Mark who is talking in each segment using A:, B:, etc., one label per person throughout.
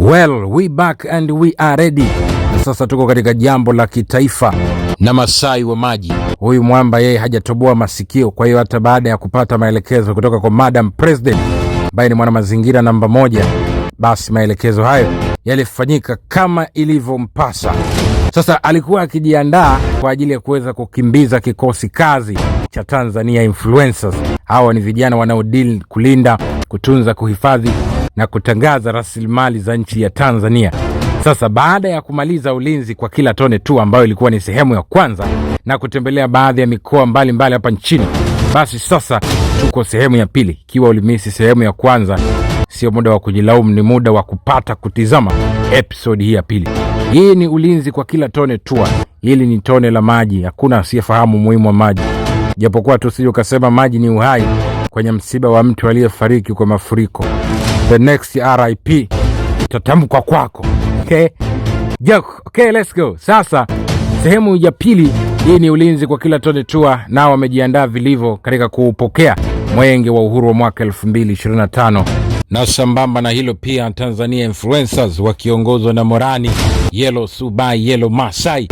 A: Well, we back and we are ready. Na sasa tuko katika jambo la kitaifa
B: na Masai wa maji.
A: Huyu mwamba yeye hajatoboa masikio, kwa hiyo hata baada ya kupata maelekezo kutoka kwa Madam President ambaye ni mwanamazingira namba moja, basi maelekezo hayo yalifanyika kama ilivyompasa. Sasa alikuwa akijiandaa kwa ajili ya kuweza kukimbiza kikosi kazi cha Tanzania Influencers. Hawa ni vijana wanaodeal kulinda, kutunza, kuhifadhi na kutangaza rasilimali za nchi ya Tanzania. Sasa baada ya kumaliza ulinzi kwa kila tone tu, ambayo ilikuwa ni sehemu ya kwanza, na kutembelea baadhi ya mikoa mbalimbali hapa nchini, basi sasa tuko sehemu ya pili. Ikiwa ulimisi sehemu ya kwanza, sio muda wa kujilaumu, ni muda wa kupata kutizama episodi hii ya pili. Hii ni ulinzi kwa kila tone tua. Hili ni tone la maji, hakuna asiyefahamu umuhimu wa maji, japokuwa tusije ukasema maji ni uhai kwenye msiba wa mtu aliyefariki kwa mafuriko. The next RIP itatamkwa kwako. Okay? Joke. Okay, let's go. Sasa sehemu ya pili hii ni ulinzi kwa kila tone tua, nao wamejiandaa vilivyo katika kuupokea mwenge wa uhuru wa mwaka 2025
B: na sambamba na hilo pia Tanzania influencers wakiongozwa na Morani Yelo Subai Yelo Masai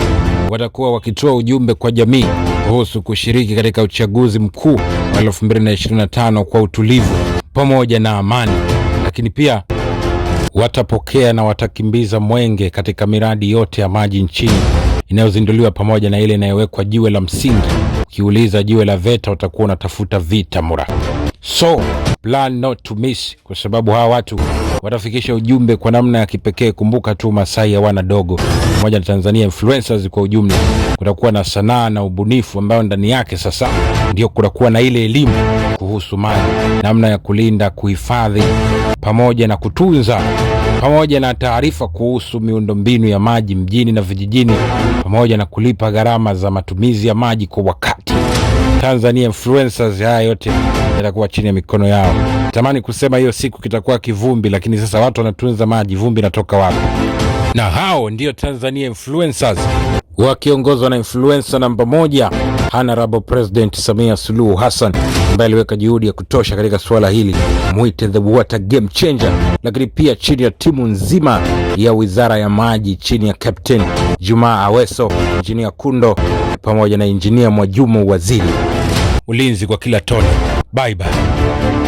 B: watakuwa wakitoa ujumbe kwa jamii kuhusu kushiriki katika uchaguzi mkuu wa 2025 kwa utulivu pamoja na amani lakini pia watapokea na watakimbiza mwenge katika miradi yote ya maji nchini inayozinduliwa pamoja na ile inayowekwa jiwe la msingi. Ukiuliza jiwe la VETA utakuwa unatafuta vita mura. So plan not to miss, kwa sababu hawa watu watafikisha ujumbe kwa namna ya kipekee. Kumbuka tu Masai hawana dogo, pamoja na Tanzania influencers kwa ujumla. Kutakuwa na sanaa na ubunifu ambayo ndani yake sasa ndio kutakuwa na ile elimu kuhusu mali namna ya kulinda, kuhifadhi pamoja na kutunza, pamoja na taarifa kuhusu miundombinu ya maji mjini na vijijini, pamoja na kulipa gharama za matumizi ya maji kwa wakati. Tanzania influencers, haya yote yatakuwa chini ya mikono yao. Tamani kusema hiyo siku kitakuwa kivumbi, lakini sasa watu wanatunza maji, vumbi natoka wapi? Na hao ndio Tanzania influencers
A: wakiongozwa na influencer namba moja Honorable President Samia Suluhu Hassan ambaye aliweka juhudi ya kutosha katika suala hili, mwite the water game changer, lakini pia chini ya timu nzima ya Wizara ya Maji chini ya Captain Jumaa Aweso, Injinia Kundo pamoja na Injinia Mwajumu, waziri ulinzi kwa kila tone. Bye bye.